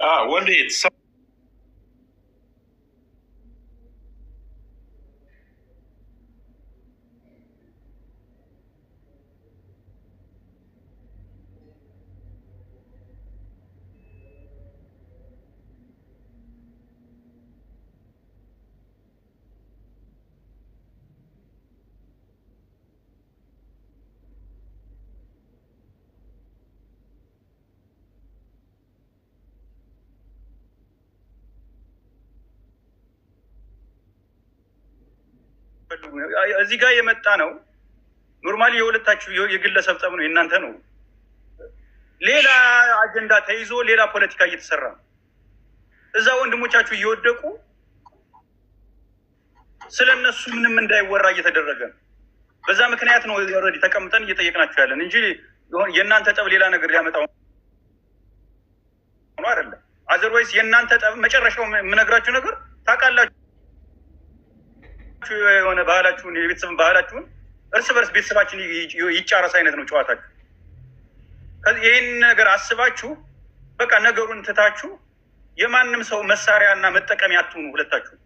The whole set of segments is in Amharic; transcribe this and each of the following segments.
ah, Wendy, day it's አታድርጉ። እዚህ ጋር የመጣ ነው ኖርማሊ የሁለታችሁ የግለሰብ ጠብ ነው፣ የእናንተ ነው። ሌላ አጀንዳ ተይዞ ሌላ ፖለቲካ እየተሰራ ነው። እዛ ወንድሞቻችሁ እየወደቁ ስለ እነሱ ምንም እንዳይወራ እየተደረገ ነው። በዛ ምክንያት ነው ኦልሬዲ ተቀምጠን እየጠየቅናችሁ ያለን እንጂ የእናንተ ጠብ ሌላ ነገር ሊያመጣ አይደለም። አዘርዋይስ የእናንተ ጠብ መጨረሻው የምነግራችሁ ነገር ታውቃላችሁ። የሆነ ባህላችሁን የቤተሰብን ባህላችሁን እርስ በርስ ቤተሰባችን ይጫረስ አይነት ነው ጨዋታችሁ። ይህን ነገር አስባችሁ በቃ ነገሩን ትታችሁ የማንም ሰው መሳሪያና መጠቀሚያ አትሁኑ። ሁለታችሁ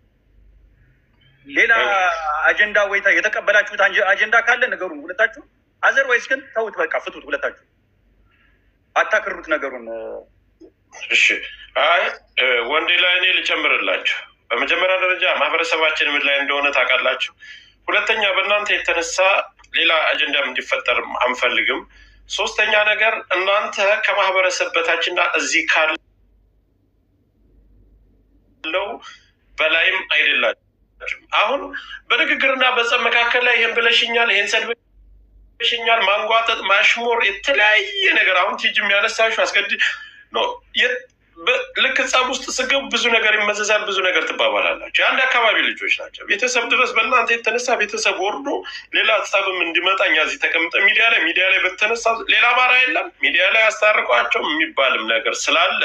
ሌላ አጀንዳ ወይ የተቀበላችሁት አጀንዳ ካለ ነገሩን ሁለታችሁ፣ አዘርባይስ ግን ተውት፣ በቃ ፍቱት። ሁለታችሁ አታክሩት ነገሩን። እሺ። አይ ወንዴ ላይ እኔ ልጨምርላችሁ በመጀመሪያ ደረጃ ማህበረሰባችን ምን ላይ እንደሆነ ታውቃላችሁ። ሁለተኛ በእናንተ የተነሳ ሌላ አጀንዳም እንዲፈጠር አንፈልግም። ሶስተኛ ነገር እናንተ ከማህበረሰብ በታችና እዚህ ካለው በላይም አይደላችሁም። አሁን በንግግርና በጸብ መካከል ላይ ይህን ብለሽኛል፣ ይህን ሰድበሽኛል፣ ማንጓጠጥ፣ ማሽሞር፣ የተለያየ ነገር አሁን ቲጅ የሚያነሳሹ አስገድ ልክ ጸብ ውስጥ ስገቡ ብዙ ነገር ይመዘዛል፣ ብዙ ነገር ትባባላላቸው። የአንድ አካባቢ ልጆች ናቸው። ቤተሰብ ድረስ በእናንተ የተነሳ ቤተሰብ ወርዶ ሌላ ጸብም እንዲመጣ እኛ እዚህ ተቀምጠ ሚዲያ ላይ ሚዲያ ላይ በተነሳ ሌላ አማራ የለም ሚዲያ ላይ አስታርቋቸው የሚባልም ነገር ስላለ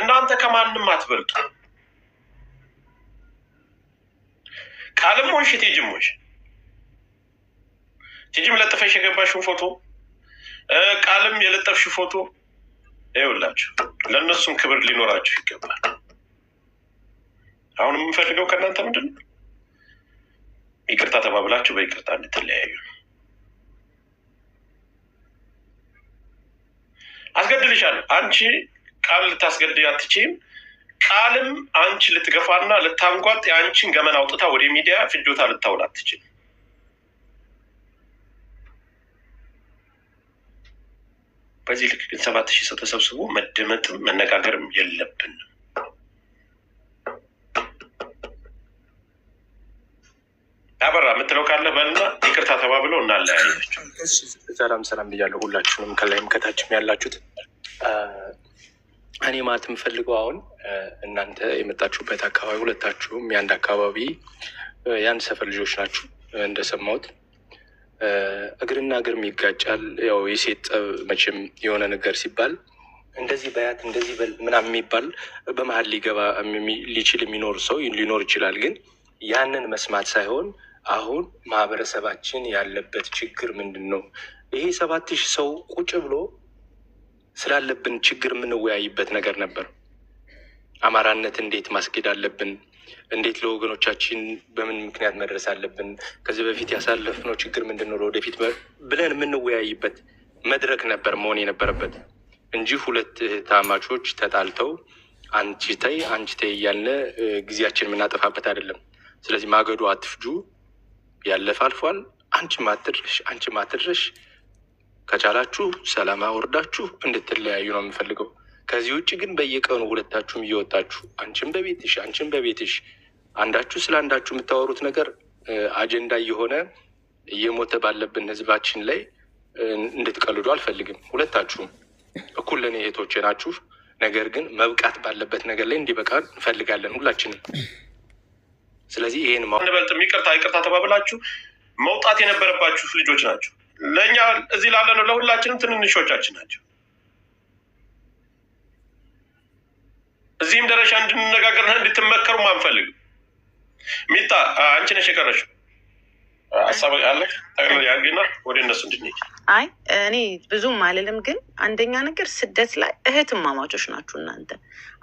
እናንተ ከማንም አትበልጡ። ቃልም ሆንሽ ቴጅሞች ቲጅም ለጥፈሽ የገባሽን ፎቶ ቃልም የለጠፍሽ ፎቶ ይውላችሁ ለእነሱም ክብር ሊኖራችሁ ይገባል። አሁን የምንፈልገው ከእናንተ ምንድን ነው? ይቅርታ ተባብላችሁ በይቅርታ እንድትለያዩ። አስገድልሻለሁ፣ አንቺ ቃል ልታስገድይ አትችም። ቃልም አንቺ ልትገፋና ልታንጓጥ የአንቺን ገመና አውጥታ ወደ ሚዲያ ፍጆታ ልታውል አትችልም። በዚህ ልክ ግን ሰባት ሺህ ሰው ተሰብስቦ መደመጥም መነጋገርም የለብንም። አበራ የምትለው ካለ በልና ይቅርታ ተባብለው እናለያየቸው። ሰላም ሰላም ብያለሁ ሁላችሁንም ከላይም ከታችም ያላችሁት። እኔ ማለት የምፈልገው አሁን እናንተ የመጣችሁበት አካባቢ ሁለታችሁም የአንድ አካባቢ የአንድ ሰፈር ልጆች ናችሁ እንደሰማሁት እግርና እግርም ይጋጫል። ያው የሴት ጠብ መቼም የሆነ ነገር ሲባል እንደዚህ በያት እንደዚህ በል ምናምን የሚባል በመሀል ሊገባ ሊችል የሚኖር ሰው ሊኖር ይችላል። ግን ያንን መስማት ሳይሆን አሁን ማህበረሰባችን ያለበት ችግር ምንድን ነው? ይሄ ሰባት ሺህ ሰው ቁጭ ብሎ ስላለብን ችግር የምንወያይበት ነገር ነበር። አማራነት እንዴት ማስጌድ አለብን? እንዴት ለወገኖቻችን በምን ምክንያት መድረስ አለብን፣ ከዚህ በፊት ያሳለፍነው ችግር ምንድነው ለወደፊት ወደፊት ብለን የምንወያይበት መድረክ ነበር መሆን የነበረበት እንጂ ሁለት ታማቾች ተጣልተው አንቺ ተይ አንቺ ተይ እያልን ጊዜያችን የምናጠፋበት አይደለም። ስለዚህ ማገዶ አትፍጁ፣ ያለፈ አልፏል። አንቺ ማትድረሽ አንቺ ማትድረሽ፣ ከቻላችሁ ሰላም አወርዳችሁ እንድትለያዩ ነው የምፈልገው። ከዚህ ውጭ ግን በየቀኑ ሁለታችሁም እየወጣችሁ አንቺም በቤትሽ አንቺም በቤትሽ አንዳችሁ ስለ አንዳችሁ የምታወሩት ነገር አጀንዳ እየሆነ እየሞተ ባለብን ህዝባችን ላይ እንድትቀልዱ አልፈልግም። ሁለታችሁም እኩል ለእኔ እህቶቼ ናችሁ። ነገር ግን መብቃት ባለበት ነገር ላይ እንዲበቃ እንፈልጋለን ሁላችንም። ስለዚህ ይህን ንበልጥ ይቅርታ ይቅርታ ተባብላችሁ መውጣት የነበረባችሁ ልጆች ናቸው። ለእኛ እዚህ ላለነው ለሁላችንም ትንንሾቻችን ናቸው። እዚህም ደረጃ እንድንነጋገርና እንድትመከሩ አንፈልግ። ሚጣ አንቺ ነሽ የቀረችው ሀሳብ አለ ያግና ወደ እነሱ እንድንሄድ። አይ እኔ ብዙም አልልም፣ ግን አንደኛ ነገር ስደት ላይ እህትማማቾች ናችሁ እናንተ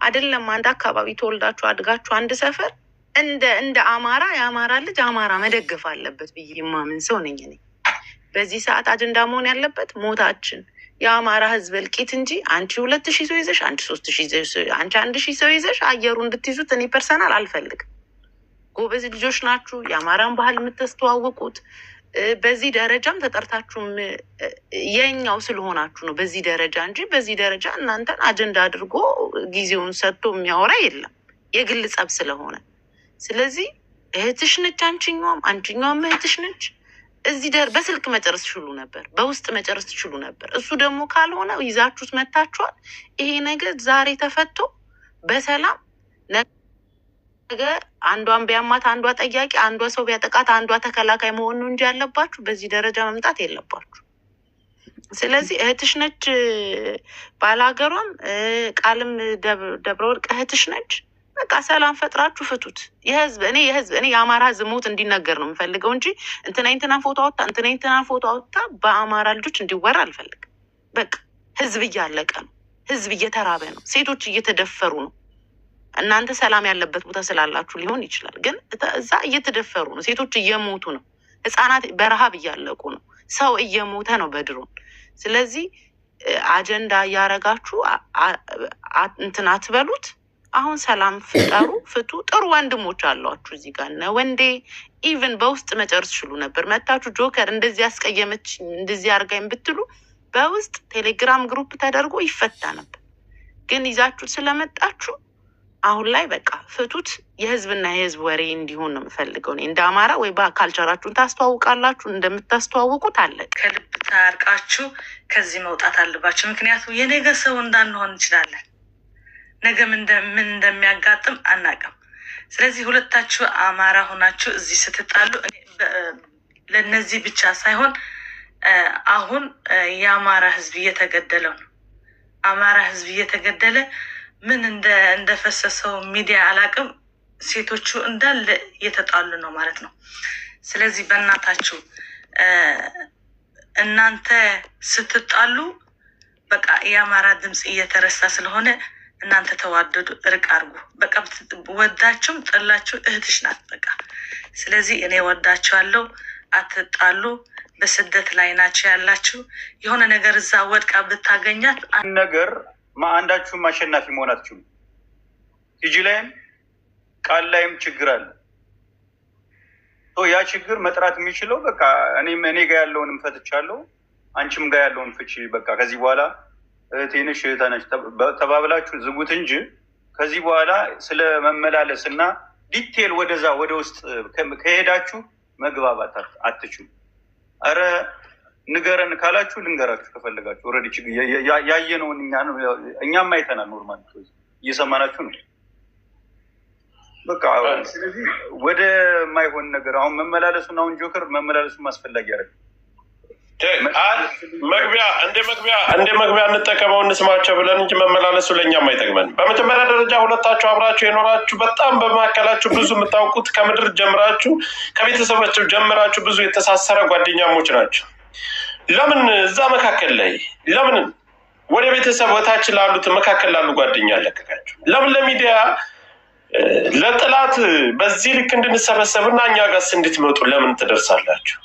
አይደለም። አንድ አካባቢ ተወልዳችሁ አድጋችሁ አንድ ሰፈር እንደ እንደ አማራ የአማራ ልጅ አማራ መደገፍ አለበት ብዬ የማምን ሰው ነኝ እኔ። በዚህ ሰዓት አጀንዳ መሆን ያለበት ሞታችን የአማራ ህዝብ እልቂት እንጂ አንቺ ሁለት ሺህ ሰው ይዘሽ አንቺ ሶስት ሺህ ይዘሽ አንቺ አንድ ሺህ ሰው ይዘሽ አየሩ እንድትይዙት እኔ ፐርሰናል አልፈልግም። ጎበዝ ልጆች ናችሁ፣ የአማራን ባህል የምታስተዋውቁት በዚህ ደረጃም ተጠርታችሁም የኛው ስለሆናችሁ ነው። በዚህ ደረጃ እንጂ በዚህ ደረጃ እናንተን አጀንዳ አድርጎ ጊዜውን ሰጥቶ የሚያወራ የለም፣ የግል ጸብ ስለሆነ። ስለዚህ እህትሽ ነች አንችኛውም፣ አንችኛውም እህትሽ ነች። እዚህ ደር በስልክ መጨረስ ችሉ ነበር፣ በውስጥ መጨረስ ችሉ ነበር። እሱ ደግሞ ካልሆነ ይዛችሁት መታችኋል። ይሄ ነገር ዛሬ ተፈቶ በሰላም ነገ አንዷን ቢያማት አንዷ ጠያቂ፣ አንዷ ሰው ቢያጠቃት አንዷ ተከላካይ መሆን ነው እንጂ ያለባችሁ በዚህ ደረጃ መምጣት የለባችሁ። ስለዚህ እህትሽ ነች ባለሀገሯም ቃልም ደብረ ወርቅ እህትሽ ነች። በቃ ሰላም ፈጥራችሁ ፍቱት። የህዝብ እኔ የህዝብ እኔ የአማራ ዝሙት እንዲነገር ነው የምፈልገው እንጂ እንትና እንትና ፎቶ አወጣ እንትና እንትና ፎቶ አወጣ በአማራ ልጆች እንዲወራ አልፈልግም። በቃ ህዝብ እያለቀ ነው። ህዝብ እየተራበ ነው። ሴቶች እየተደፈሩ ነው። እናንተ ሰላም ያለበት ቦታ ስላላችሁ ሊሆን ይችላል፣ ግን እዛ እየተደፈሩ ነው። ሴቶች እየሞቱ ነው። ህፃናት በረሃብ እያለቁ ነው። ሰው እየሞተ ነው በድሮን። ስለዚህ አጀንዳ እያረጋችሁ እንትን አትበሉት። አሁን ሰላም ፍጠሩ፣ ፍቱ፣ ጥሩ ወንድሞች አሏችሁ እዚህ ጋር እነ ወንዴ ኢቭን በውስጥ መጨርስ ችሉ ነበር። መታችሁ ጆከር እንደዚህ አስቀየመች እንደዚህ አርጋኝ ብትሉ በውስጥ ቴሌግራም ግሩፕ ተደርጎ ይፈታ ነበር። ግን ይዛችሁት ስለመጣችሁ አሁን ላይ በቃ ፍቱት። የህዝብና የህዝብ ወሬ እንዲሆን ነው የምፈልገው እኔ እንደ አማራ ወይ ካልቸራችሁን ታስተዋውቃላችሁ እንደምታስተዋውቁት አለ ከልብ ታርቃችሁ ከዚህ መውጣት አለባችሁ። ምክንያቱም የነገ ሰው እንዳንሆን እንችላለን። ነገ ምን እንደሚያጋጥም አናውቅም። ስለዚህ ሁለታችሁ አማራ ሆናችሁ እዚህ ስትጣሉ ለነዚህ ብቻ ሳይሆን አሁን የአማራ ህዝብ እየተገደለው ነው። አማራ ህዝብ እየተገደለ ምን እንደፈሰሰው ሚዲያ አላውቅም። ሴቶቹ እንዳለ እየተጣሉ ነው ማለት ነው። ስለዚህ በእናታችሁ እናንተ ስትጣሉ በቃ የአማራ ድምፅ እየተረሳ ስለሆነ እናንተ ተዋደዱ፣ እርቅ አርጉ በቃ ወዳችሁም ጠላችሁ እህትሽ ናት። በቃ ስለዚህ እኔ ወዳችኋለሁ፣ አትጣሉ። በስደት ላይ ናቸው ያላችሁ። የሆነ ነገር እዛ ወድቃ ብታገኛት ነገር አንዳችሁም አሸናፊ መሆን አትችሉም። ላይም ቃል ላይም ችግር አለ። ያ ችግር መጥራት የሚችለው በቃ እኔ ጋ ያለውን ፈትቻለሁ፣ አንቺም ጋር ያለውን ፍቺ በቃ ከዚህ በኋላ እህቴነሽ እህታነች ተባብላችሁ ዝጉት እንጂ ከዚህ በኋላ ስለ መመላለስ እና ዲቴል ወደዛ ወደ ውስጥ ከሄዳችሁ መግባባት አትችሉ። ኧረ ንገረን ካላችሁ ልንገራችሁ ከፈለጋችሁ ኦልሬዲ ያየነውን እኛም አይተናል። ኖርማል እየሰማናችሁ ነው። በቃ ስለዚህ ወደ ማይሆን ነገር አሁን መመላለሱን አሁን ጆከር መመላለሱን ማስፈላጊ ያደረግ መግቢያ እንደ መግቢያ እንደ መግቢያ እንጠቀመው እንስማቸው ብለን እንጂ መመላለሱ ለእኛም አይጠቅመን። በመጀመሪያ ደረጃ ሁለታችሁ አብራችሁ የኖራችሁ በጣም በመካከላችሁ ብዙ የምታውቁት ከምድር ጀምራችሁ ከቤተሰባቸው ጀምራችሁ ብዙ የተሳሰረ ጓደኛሞች ናቸው። ለምን እዛ መካከል ላይ ለምን ወደ ቤተሰብ በታች ላሉት መካከል ላሉ ጓደኛ አለቀቃችሁ? ለምን ለሚዲያ ለጥላት በዚህ ልክ እንድንሰበሰብና እኛ ጋስ እንድትመጡ ለምን ትደርሳላችሁ?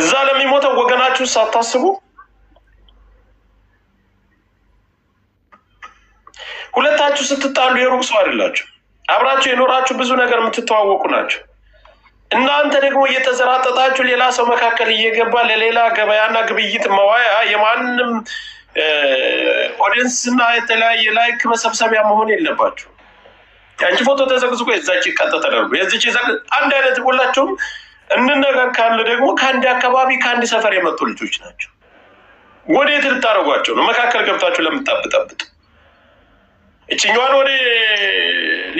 እዛ ለሚሞተው ወገናችሁ ሳታስቡ ሁለታችሁ ስትጣሉ የሩቅ ሰው አይደላችሁ። አብራችሁ የኖራችሁ ብዙ ነገር የምትተዋወቁ ናቸው። እናንተ ደግሞ እየተዘራጠጣችሁ ሌላ ሰው መካከል እየገባ ለሌላ ገበያና ግብይት መዋያ የማንም ኦዲየንስ የተለያየ ላይክ መሰብሰቢያ መሆን የለባችሁ። ያንቺ ፎቶ ተዘግዝቆ የዛች ቀጥ ተደርጎ የዚች አንድ አይነት ሁላችሁም እምን ነገር ካለ ደግሞ ከአንድ አካባቢ ከአንድ ሰፈር የመጡ ልጆች ናቸው። ወደ የት ልታደርጓቸው ነው? መካከል ገብታችሁ ለምታብጠብጥ እችኛዋን ወደ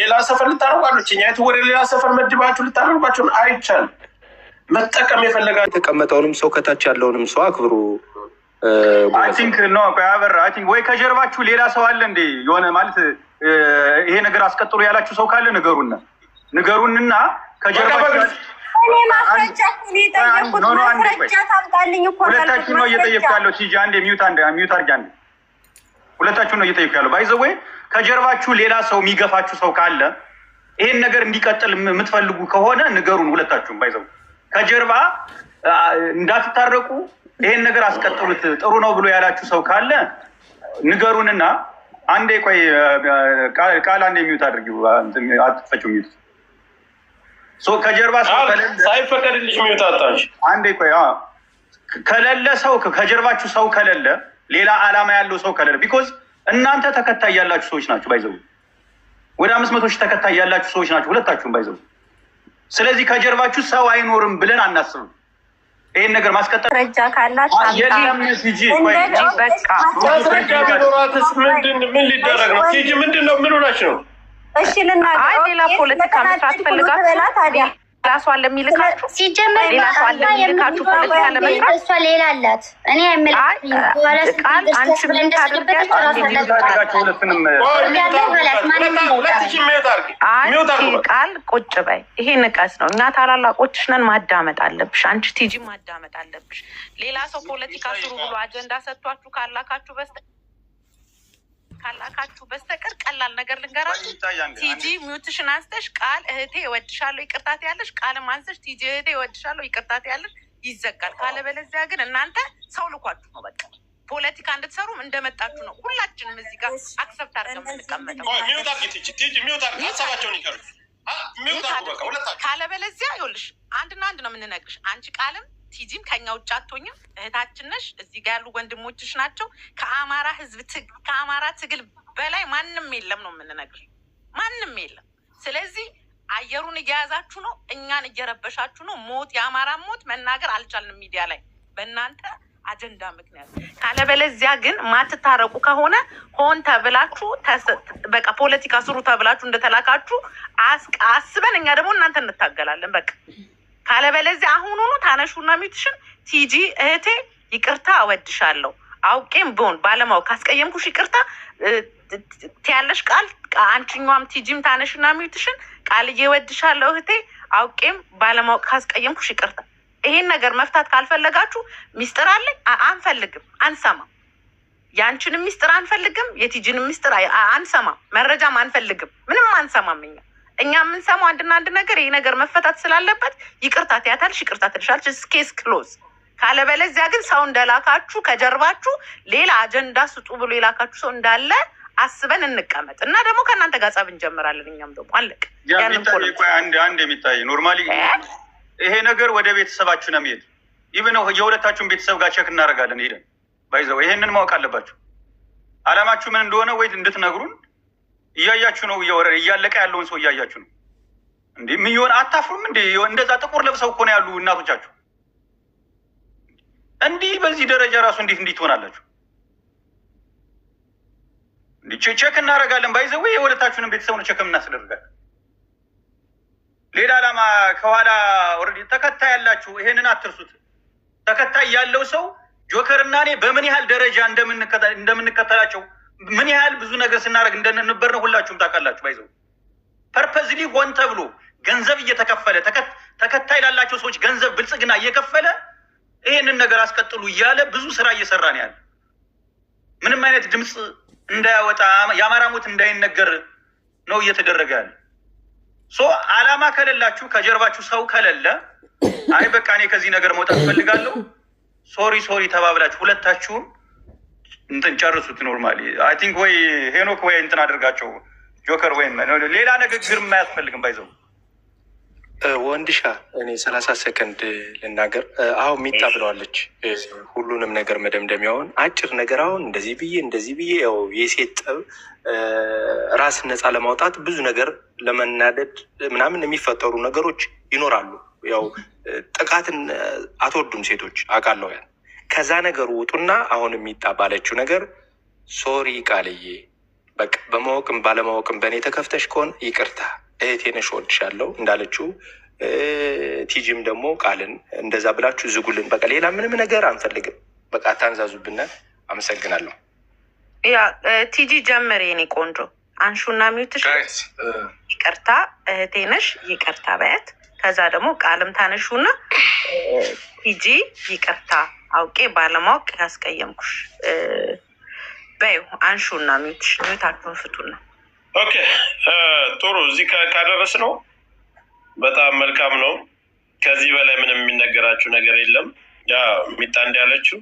ሌላ ሰፈር ልታደርጓሉ፣ እችኛቱ ወደ ሌላ ሰፈር መድባችሁ ልታደርጓቸው ነው። አይቻልም። መጠቀም የፈለጋ የተቀመጠውንም ሰው ከታች ያለውንም ሰው አክብሩ። ቲንክ ኖ አበራ ወይ ከጀርባችሁ ሌላ ሰው አለ እንዴ? የሆነ ማለት ይሄ ነገር አስቀጥሎ ያላችሁ ሰው ካለ ንገሩና ንገሩንና ከጀርባችሁ እኔ ሁለታችሁ ነው እየጠየኩ ያለው ሲጂ አንድ የሚዩት አንድ የሚዩት አድርጊ አንድ ሁለታችሁ ነው እየጠየኩ ያለው ባይዘዌ ከጀርባችሁ ሌላ ሰው የሚገፋችሁ ሰው ካለ ይሄን ነገር እንዲቀጥል የምትፈልጉ ከሆነ ንገሩን ሁለታችሁም ባይዘው ከጀርባ እንዳትታረቁ ይሄን ነገር አስቀጥሉት ጥሩ ነው ብሎ ያላችሁ ሰው ካለ ንገሩንና አንዴ ቆይ ቃል አንዴ የሚዩት አድርጊ አትፈጩ የሚዩት ከጀርባ ሳይፈቀድልሽ ሚወጣጣች አንዴ ቆይ። ከሌለ ሰው ከጀርባችሁ ሰው ከሌለ ሌላ አላማ ያለው ሰው ከሌለ ቢኮዝ እናንተ ተከታይ ያላችሁ ሰዎች ናችሁ። ባይዘው ወደ አምስት መቶ ሺህ ተከታይ ያላችሁ ሰዎች ናችሁ ሁለታችሁም ባይዘው። ስለዚህ ከጀርባችሁ ሰው አይኖርም ብለን አናስብም። ይህን ነገር ማስቀጠል ረጃ ምንድን ምን ሊደረግ ነው? ቲጂ ምንድን ነው? ምን ሆናች ነው እሺ ልናገር። ሌላ ፖለቲካ መስራት ፈልጋችሁ ራሷ ለሚልካችሁ ቃል አንቺ ምን ታደርጊያለሽ? ቁጭ በይ። ይሄ ንቀት ነው። እኛ ታላላቆችሽ ነን፣ ማዳመጥ አለብሽ። አንቺ ቲጂ ማዳመጥ አለብሽ። ሌላ ሰው ፖለቲካ ስሩ ብሎ አጀንዳ ሰጥቷችሁ ካላካችሁ በስተ ካላካችሁ በስተቀር ቀላል ነገር ልንገራችሁ። ቲጂ ሚውትሽን አንስተሽ ቃል እህቴ እወድሻለሁ ይቅርታት ያለሽ ቃልም አንስተሽ ቲጂ እህቴ እወድሻለሁ ይቅርታት ያለሽ ይዘጋል። ካለበለዚያ ግን እናንተ ሰው ልኳችሁ ነው በቃ ፖለቲካ እንድትሰሩም እንደመጣችሁ ነው። ሁላችንም እዚህ ጋር አክሰብት አርገ የምንቀመጠው ካለበለዚያ ይኸውልሽ አንድና አንድ ነው የምንነግርሽ አንቺ ቃልም ቲጂም ከኛ ውጭ አትሆኝም። እህታችን ነሽ። እዚህ ጋር ያሉ ወንድሞችሽ ናቸው። ከአማራ ህዝብ ከአማራ ትግል በላይ ማንም የለም ነው የምንነግር፣ ማንም የለም። ስለዚህ አየሩን እየያዛችሁ ነው፣ እኛን እየረበሻችሁ ነው። ሞት የአማራ ሞት መናገር አልቻልንም ሚዲያ ላይ በእናንተ አጀንዳ ምክንያት። ካለበለዚያ ግን ማትታረቁ ከሆነ ሆን ተብላችሁ በቃ ፖለቲካ ስሩ ተብላችሁ እንደተላካችሁ አስበን እኛ ደግሞ እናንተ እንታገላለን በቃ ካለበለዚያ አሁን አሁኑኑ ታነሹና ሚትሽን ቲጂ እህቴ ይቅርታ አወድሻለሁ አውቄም ቢሆን ባለማወቅ ካስቀየምኩሽ ይቅርታ ትያለሽ ቃል አንቺኛም ቲጂም ታነሽና ሚትሽን ቃል እየወድሻለሁ እህቴ አውቄም ባለማወቅ ካስቀየምኩሽ ይቅርታ። ይሄን ነገር መፍታት ካልፈለጋችሁ ሚስጥር አለኝ አንፈልግም፣ አንሰማም። ያንቺንም ሚስጥር አንፈልግም፣ የቲጂንም ሚስጥር አንሰማም፣ መረጃም አንፈልግም፣ ምንም አንሰማም እኛ እኛ የምንሰማው አንድና አንድ ነገር ይህ ነገር መፈታት ስላለበት ይቅርታ ትያታልሽ፣ ይቅርታ ትልሻለች፣ ስኬስ ክሎዝ። ካለበለዚያ ግን ሰው እንደላካችሁ ከጀርባችሁ ሌላ አጀንዳ ስጡ ብሎ የላካችሁ ሰው እንዳለ አስበን እንቀመጥ እና ደግሞ ከእናንተ ጋር ጸብ እንጀምራለን። እኛም ደግሞ አለቅ አንድ አንድ የሚታይ ኖርማሊ ይሄ ነገር ወደ ቤተሰባችሁ ነው የሚሄድ። ኢቭን የሁለታችሁን ቤተሰብ ጋር ቸክ እናደርጋለን ሄደን ባይዘው። ይሄንን ማወቅ አለባችሁ። አላማችሁ ምን እንደሆነ ወይ እንድትነግሩን እያያችሁ ነው። እያወረ እያለቀ ያለውን ሰው እያያችሁ ነው። እንዴ ምን ይሆን? አታፍሩም እንዴ? እንደዛ ጥቁር ለብሰው እኮ ነው ያሉ እናቶቻችሁ። እንዲህ በዚህ ደረጃ ራሱ እንዴት እንዲህ ትሆናላችሁ? ቼክ እናደርጋለን። ባይዘዌ የወለታችሁንም ቤተሰብ ነው ቼክ እናስደርጋለን። ሌላ ዓላማ ከኋላ ኦልሬዲ ተከታይ ያላችሁ ይሄንን አትርሱት። ተከታይ ያለው ሰው ጆከር እና እኔ በምን ያህል ደረጃ እንደምንከተላቸው ምን ያህል ብዙ ነገር ስናደርግ እንደነበር ነው ሁላችሁም ታውቃላችሁ። ባይዘው ፐርፐዝሊ ሆን ተብሎ ገንዘብ እየተከፈለ ተከታይ ላላቸው ሰዎች ገንዘብ ብልጽግና እየከፈለ ይህንን ነገር አስቀጥሉ እያለ ብዙ ስራ እየሰራ ነው ያለ። ምንም አይነት ድምፅ እንዳያወጣ የአማራ ሞት እንዳይነገር ነው እየተደረገ ያለ። ሶ አላማ ከሌላችሁ ከጀርባችሁ ሰው ከሌለ አይ በቃ እኔ ከዚህ ነገር መውጣት እፈልጋለሁ፣ ሶሪ ሶሪ ተባብላችሁ ሁለታችሁም እንትን ጨርሱት። ኖርማሊ አይ ቲንክ ወይ ሄኖክ ወይ እንትን አድርጋቸው ጆከር ወይም ሌላ ንግግር የማያስፈልግም ባይዘው ወንድሻ እኔ ሰላሳ ሰከንድ ልናገር። አሁን ሚጣ ብለዋለች ሁሉንም ነገር መደምደሚያውን አጭር ነገር አሁን እንደዚህ ብዬ እንደዚህ ብዬ ያው የሴት ጠብ ራስን ነፃ ለማውጣት ብዙ ነገር ለመናደድ ምናምን የሚፈጠሩ ነገሮች ይኖራሉ። ያው ጥቃትን አትወዱም ሴቶች አውቃለሁ ያን ከዛ ነገር ውጡና አሁን የሚጣ ባለችው ነገር ሶሪ ቃልዬ፣ በቃ በማወቅም ባለማወቅም በእኔ ተከፍተሽ ከሆን ይቅርታ እህቴ ነሽ፣ እወድሻለሁ እንዳለችው ቲጂም ደግሞ ቃልን እንደዛ ብላችሁ ዝጉልን፣ በቃ ሌላ ምንም ነገር አንፈልግም፣ በቃ አታንዛዙብን። አመሰግናለሁ። ያ ቲጂ ጀመር የኔ ቆንጆ አንሹና ሚውትሽ። ይቅርታ እህቴ ነሽ፣ ይቅርታ በያት። ከዛ ደግሞ ቃልም ታነሹና ቲጂ ይቅርታ አውቄ ባለማወቅ ያስቀየምኩሽ። በይ አንሹና ሚዩትሽ ሚዩታችሁን ፍቱና። ኦኬ ጥሩ። እዚህ ካደረስ ነው በጣም መልካም ነው። ከዚህ በላይ ምንም የሚነገራችሁ ነገር የለም። ያ ሚጣ እንዳለችው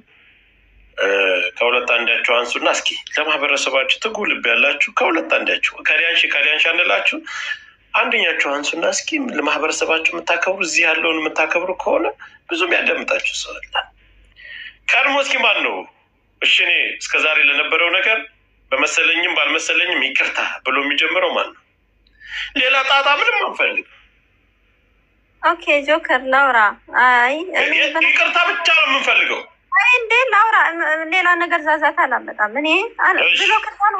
ከሁለት አንዳችሁ አንሱና እስኪ ለማህበረሰባችሁ ትጉ ልብ ያላችሁ ከሁለት አንዳችሁ ከሊያንሺ ከሊያንሺ አንላችሁ አንደኛችሁ አንሱና እስኪ ለማህበረሰባችሁ የምታከብሩ እዚህ ያለውን የምታከብሩ ከሆነ ብዙም ያዳምጣችሁ ሰው አለ። ቀድሞ እስኪ ማን ነው እሺ እኔ ዛሬ ለነበረው ነገር በመሰለኝም ባልመሰለኝም ይቅርታ ብሎ የሚጀምረው ማን ነው? ሌላ ጣጣ ምንም አንፈልግ። ኦኬ ጆከር ላውራ። አይ ይቅርታ ብቻ ነው የምንፈልገው። አይ እንዴ ላውራ፣ ሌላ ነገር ዛዛት አላመጣም። እኔ ብሎ ክርታን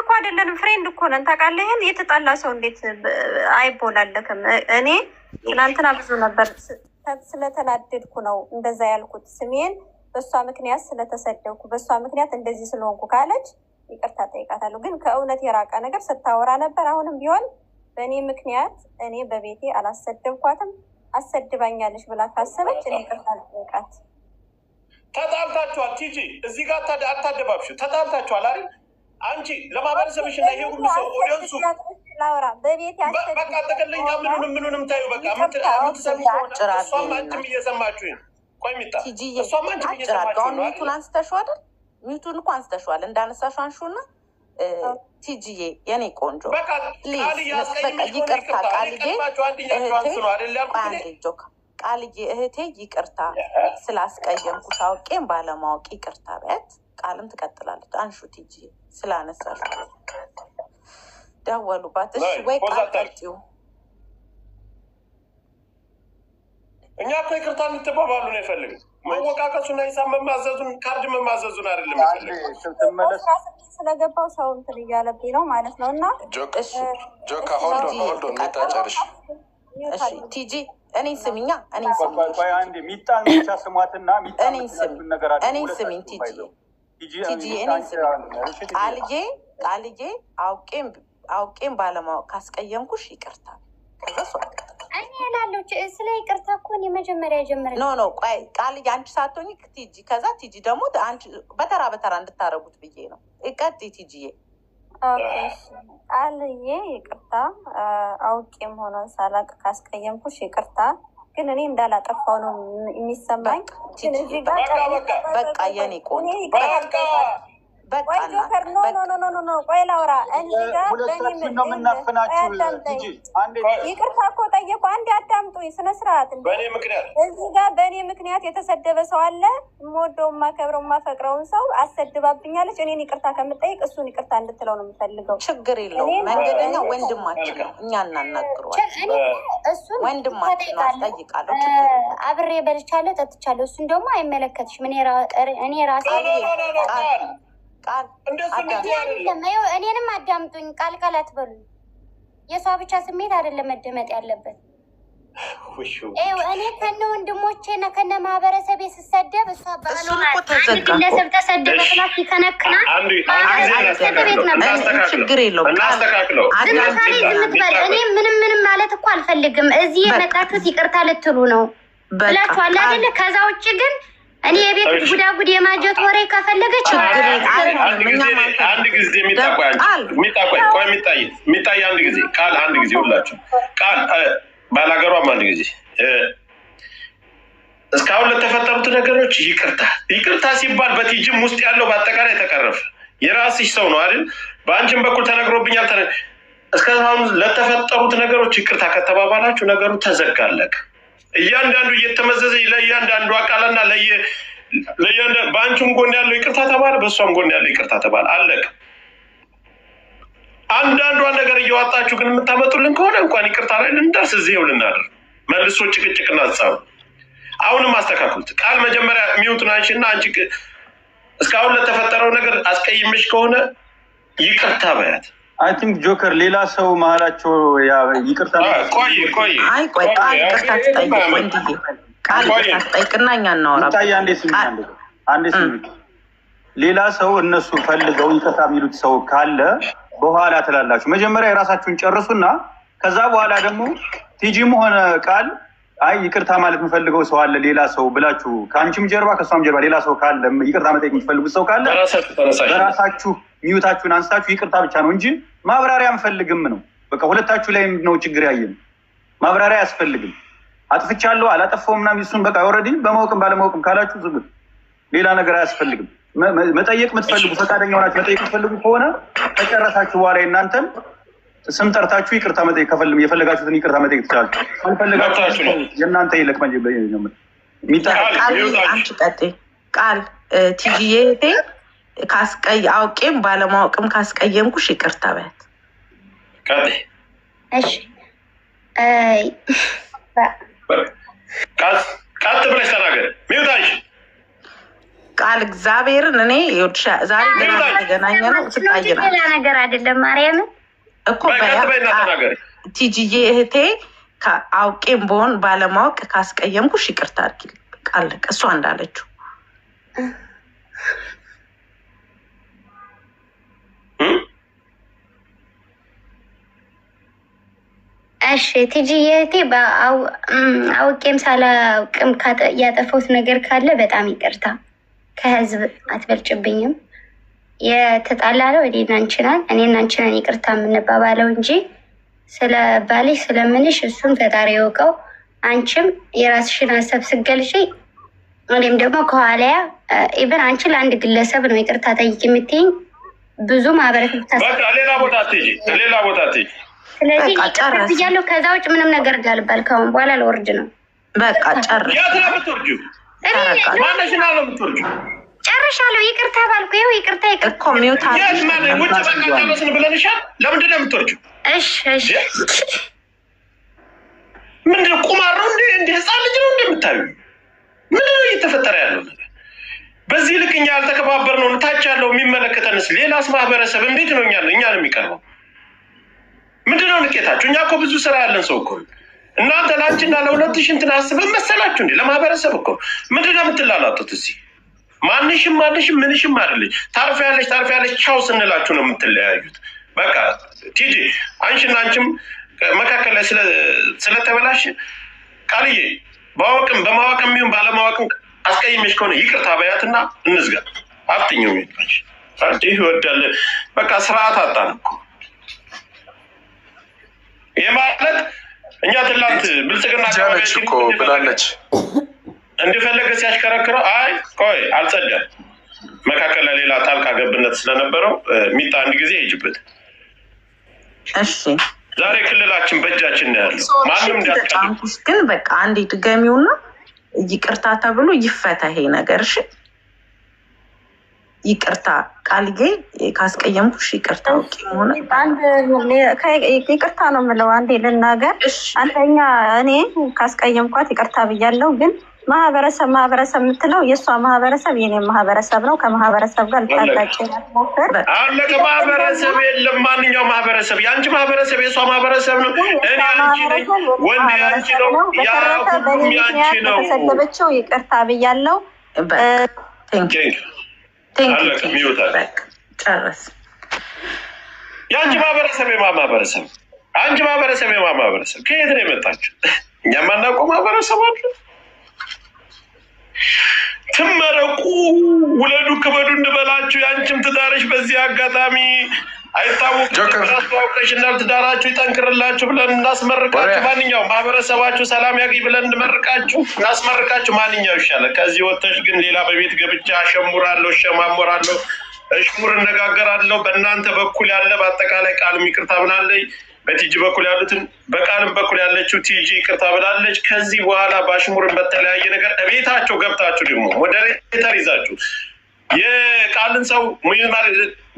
እኮ አይደለንም ፍሬንድ እኮ ነን ታውቃለህ። ይህን የተጣላ ሰው እንዴት አይቦላለክም? እኔ ትናንትና ብዙ ነበር ስለተናደድኩ ነው እንደዛ ያልኩት። ስሜን በእሷ ምክንያት ስለተሰደብኩ በእሷ ምክንያት እንደዚህ ስለሆንኩ ካለች ይቅርታ ጠይቃታለሁ። ግን ከእውነት የራቀ ነገር ስታወራ ነበር። አሁንም ቢሆን በእኔ ምክንያት እኔ በቤቴ አላሰደብኳትም። አሰድባኛለች ብላ ካሰበች እኔ ይቅርታ ጠይቃት። ተጣልታችኋል። ቲጂ እዚህ ጋር አታደባብሽ። ተጣልታችኋል አይደል? አንቺ ለማህበረሰብሽ እና ይሄ ሁሉ ሰው ኦዲንሱ ላውራ በቤት ያስበቃጠቅልኝ ምኑንም ምኑንም ታዩ በቃ ምትሰሚ እሷም አንቺም እየሰማችሁኝ ቆይ እሷም አንቺም እየሰማችሁ ነው። ሚቱን አንስተሽው አይደል? ሚቱን እኮ አንስተሽዋል። እንዳነሳሽው አንሹና ቲጂዬ የኔ ቆንጆ ይቅርታ፣ ቃልዬ ቃልዬ እህቴ ይቅርታ ስላስቀየምኩሽ አውቄም ባለማወቅ ይቅርታ በት ቃልም ትቀጥላለች። አንሹ ቲጂዬ ስላነሳሽ ደወሉባት። እሺ ወይ ቃልቀልው እኛ እኮ ይቅርታ እንድትባባሉ ነው የፈልግ መወቃቀሱና ሂሳብ መማዘዙን ካርድ መማዘዙን አይደለም የፈልግ ስለገባው ሰው እንትን እያለብኝ ነው ማለት ነው። እና ጆካ ሆልዶ ሆልዶ ሚጣ ቲጂ እኔ ስሚኛ እኔ ስሚኝ ሚጣን ብቻ ስሟትና እኔ ስሚኝ እኔ ስሚኝ ቲጂ ቲጂ እኔ ስሚኝ ቃልዬ ቃልዬ አውቄም አውቄም ባለማወቅ ካስቀየምኩሽ ይቅርታ። እኔ እላለሁ ስለ ይቅርታ እኮ እኔ መጀመሪያ የጀመረ ኖ ኖ ቆይ ቃል አንቺ ሳትሆኚ ቲጂ ከዛ ቲጂ ደግሞ አንቺ በተራ በተራ እንድታረጉት ብዬ ነው። ቀጥይ ቲጂዬ። ቃልዬ ይቅርታ፣ አውቄም ሆኖን ሳላቅ ካስቀየምኩሽ ይቅርታ። ግን እኔ እንዳላጠፋው ነው የሚሰማኝ። በቃ የኔ ቆንጆ ይቅርታ እኮ ጠየቁ። አንዴ አዳምጡኝ፣ ስነ ስርዓት እንደ እዚህ ጋር በእኔ ምክንያት የተሰደበ ሰው አለ። የምወደው የማከብረው የማፈቅረውን ሰው አሰድባብኛለች። እኔን ይቅርታ ከምጠይቅ እሱን ይቅርታ እንድትለው ነው የምፈልገው። ችግር የለውም። መንገደኛ ወንድማችን ነው፣ እኛ እናናግረዋለን። እሱን ወንድማችን ነው፣ አስጠይቃለሁ። አብሬ በልቻለሁ፣ ጠጥቻለሁ። እሱን ደግሞ አይመለከትሽም። እኔ ራሴ ቃል እኔንም አዳምጡኝ። ቃል ቃል አትበሉ። የእሷ ብቻ ስሜት አይደለም መደመጥ ያለበት። እኔ ከነ ወንድሞቼ እና ከነ ማህበረሰብ ስሰደብ እሷ ግለሰብ ተሰደበች ብላት ይከነክና ችግር የለውም። ዝም ትበል። እኔ ምንም ምንም ማለት እኮ አልፈልግም። እዚህ የመጣችሁት ይቅርታ ልትሉ ነው ብላችኋል አይደለ? ከዛ ውጭ ግን እኔ የቤት ጉዳጉድ የማጀት ወሬ ከፈለገ አንድ ጊዜ የሚጣይ አንድ ጊዜ ቃል አንድ ጊዜ ሁላችሁ ቃል ባላገሯም አንድ ጊዜ እስካሁን ለተፈጠሩት ነገሮች ይቅርታ ይቅርታ ሲባል በቲጅም ውስጥ ያለው በአጠቃላይ ተቀረፈ። የራስሽ ሰው ነው አይደል? በአንቺም በኩል ተነግሮብኛል። እስካሁን ለተፈጠሩት ነገሮች ይቅርታ ከተባባላችሁ ነገሩ ተዘጋለቅ እያንዳንዱ እየተመዘዘ ለእያንዳንዱ አቃልና በአንቺም ጎን ያለው ይቅርታ ተባለ፣ በእሷም ጎን ያለው ይቅርታ ተባለ። አለቅ አንዳንዷን ነገር እያዋጣችሁ ግን የምታመጡልን ከሆነ እንኳን ይቅርታ ላይ ልንደርስ እዚህ ልናደር መልሶ ጭቅጭቅና ጻው አሁንም አስተካክሉት። ቃል መጀመሪያ ሚውቱን ናንሽ እና አንቺ እስካሁን ለተፈጠረው ነገር አስቀይምሽ ከሆነ ይቅርታ በያት። አይ ቲንክ ጆከር ሌላ ሰው መሀላቸው ይቅርታ እኛ አንዴ ሌላ ሰው እነሱ ፈልገው ይቅርታ የሚሉት ሰው ካለ በኋላ ትላላችሁ። መጀመሪያ የራሳችሁን ጨርሱና ከዛ በኋላ ደግሞ ቲጂም ሆነ ቃል አይ ይቅርታ ማለት የምፈልገው ሰው አለ ሌላ ሰው ብላችሁ ከአንቺም ጀርባ ከእሷም ጀርባ ሌላ ሰው ካለ ይቅርታ መጠየቅ የምትፈልጉት ሰው ካለ በራሳችሁ ሚዩታችሁን አንስታችሁ ይቅርታ ብቻ ነው እንጂ ማብራሪያ አንፈልግም ነው። በቃ ሁለታችሁ ላይ ነው ችግር ያየን። ማብራሪያ አያስፈልግም። አጥፍቻለሁ አላጠፋሁም ምናምን እሱን በቃ ኦልሬዲ በማወቅም ባለማወቅም ካላችሁ ዝግ ሌላ ነገር አያስፈልግም። መጠየቅ የምትፈልጉ ፈቃደኛ ሆናችሁ መጠየቅ የምትፈልጉ ከሆነ ከጨረሳችሁ በኋላ እናንተን ስም ጠርታችሁ ይቅርታ መጠየቅ ከፈልም የፈለጋችሁትን ይቅርታ መጠየቅ ትችላላችሁ። አልፈለጋችሁ የእናንተ ይለቅ ሚጣ ቃል ቲቪዬ ካስቀይ አውቄም ባለማወቅም ካስቀየምኩሽ ይቅርታ በያት። ቀጥ ብለሽ ተናገር። ሚውታሽ ቃል እግዚአብሔርን እኔ ዛሬ ገና ተገናኘ ነው ስታየናል። ሌላ ነገር አይደለም። ማርያምን እኮ ቲጂዬ እህቴ አውቄም በሆን ባለማወቅ ካስቀየምኩሽ ይቅርታ አድርጊልኝ። በቃ እሷ እንዳለችው እሺ ትጂ እህቴ አውቄም ሳላውቅም ያጠፈውት ነገር ካለ በጣም ይቅርታ። ከህዝብ አትበልጭብኝም። የተጣላለው እኔና አንቺ ነን፣ እኔና አንቺ ነን ይቅርታ የምንባባለው እንጂ ስለ ባልሽ ስለምንሽ እሱን ፈጣሪ ያውቀው። አንቺም የራስሽን ሀሳብ ስገልጪ፣ እኔም ደግሞ ከኋላያ ኢቨን አንቺ ለአንድ ግለሰብ ነው ይቅርታ ጠይቅ የምትይኝ ብዙ ማህበረሰብ ሌላ ቦታ ሌላ ቦታ ስለዚህ ያለው ከዛ ውጭ ምንም ነገር ጋልባል። ከአሁን በኋላ ለወርድ ነው በቃ ጨርሽ ጨርሻለሁ። ይቅርታ ባልኩ ይኸው ይቅርታ እኮ ሚውታ ምንድን ነው ቁማር ነው ህፃን ልጅ ነው እንደምታዩ ምንድን ነው እየተፈጠረ ያለው ነገር? በዚህ ልክ እኛ አልተከባበር ነው ታች ያለው የሚመለከተንስ ሌላስ ማህበረሰብ እንዴት ነው እኛ እኛ ነው የሚቀርበው ምንድነው ንቄታችሁ? እኛ እኮ ብዙ ስራ ያለን ሰው እኮ እናንተ ለአንቺና ለሁለት ሺህ እንትን አስበን መሰላችሁ እንዴ? ለማህበረሰብ እኮ ምንድነው የምትላላጡት? እዚህ ማንሽም ማንሽም ምንሽም አይደለች። ታርፍ ያለች ቻው ስንላችሁ ነው የምትለያዩት። በቃ ቲጂ አንቺና አንቺም መካከል ላይ ስለተበላሽ ቃልዬ በማወቅም በማወቅም ይሁን ባለማወቅም አስቀይሜሽ ከሆነ ይቅርታ በያትና እንዝጋ። አፍትኛው ይወዳለ በቃ ስርዓት አጣን እኮ ይህ ማለት እኛ ትላንት ብልጽግና እኮ ብላለች እንደፈለገ ሲያሽከረክረው አይ ቆይ አልጸዳም መካከል ለሌላ ጣልቃ ገብነት ስለነበረው ሚጣ አንድ ጊዜ ይጅበት ዛሬ ክልላችን በእጃችን ነው ያለው። ማንም ግን በቃ አንድ ድጋሚውና ይቅርታ ተብሎ ይፈታ ይሄ ነገር እሺ ይቅርታ ቃል ግን ካስቀየምኩሽ ይቅርታ ሆነ ይቅርታ ነው የምለው። አንዴ ልናገር። አንደኛ እኔ ካስቀየምኳት ይቅርታ ብያለው፣ ግን ማህበረሰብ ማህበረሰብ የምትለው የእሷ ማህበረሰብ የኔ ማህበረሰብ ነው። ከማህበረሰብ ጋር ልታጋጭ ሞክር አለቀ። ማህበረሰብ የለም። ማንኛው ማህበረሰብ የአንቺ ማህበረሰብ የእሷ ማህበረሰብ ነው። እኔ አንቺ ነኝ፣ ወንድ የአንቺ ነው፣ ያ ሁሉም የአንቺ ነው። ተሰደበችው ይቅርታ ብያለሁ። ጨረስ። የአንቺ ማህበረሰብ የማ ማህበረሰብ አንቺ ማህበረሰብ የማ ማህበረሰብ ከየት ነው የመጣችው? እኛ የማናውቀው ማህበረሰብ አለ። ትመረቁ፣ ውለዱ፣ ክበዱ እንበላችሁ። የአንቺም ትዳርሽ በዚህ አጋጣሚ አይታወቅሽናል ትዳራችሁ ይጠንክርላችሁ ብለን እናስመርቃችሁ። ማንኛው ማህበረሰባችሁ ሰላም ያገኝ ብለን እንመርቃችሁ እናስመርቃችሁ። ማንኛው ይሻላል? ከዚህ ወጥተሽ ግን ሌላ በቤት ገብቻ አሸሙራለሁ፣ እሸማሞራለሁ፣ እሽሙር እነጋገራለሁ። በእናንተ በኩል ያለ በአጠቃላይ ቃልም ይቅርታ ብላለች። በቲጂ በኩል ያሉትን በቃልም በኩል ያለችው ቲጂ ይቅርታ ብላለች። ከዚህ በኋላ በአሽሙርን በተለያየ ነገር ቤታቸው ገብታችሁ ደግሞ ሞዴሬተር ይዛችሁ የቃልን ሰው ሚሊዮናሪ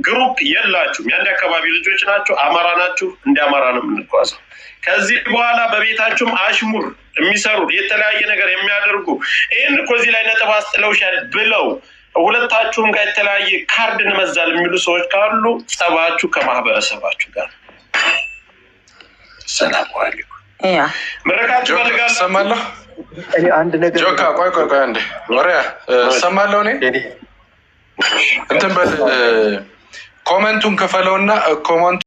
ግሩፕ የላችሁም። የአንድ አካባቢ ልጆች ናችሁ። አማራ ናችሁ። እንደ አማራ ነው የምንጓዘው። ከዚህ በኋላ በቤታችሁም አሽሙር የሚሰሩ የተለያየ ነገር የሚያደርጉ ይህን እኮ እዚህ ላይ ነጥብ አስጥለውሻል ብለው ሁለታችሁም ጋር የተለያየ ካርድ እንመዛል የሚሉ ሰዎች ካሉ ጸባችሁ ከማህበረሰባችሁ ጋር ሰላም አለይኩም። ምረቃችሁ ፈልጋለሁ። ሰማለሁ። አንድ ነገር ቆይ ቆይ ቆይ፣ አንዴ ወሬ ሰማለሁ እኔ እንትን በል ኮመንቱን ክፈለውና ኮመንቱ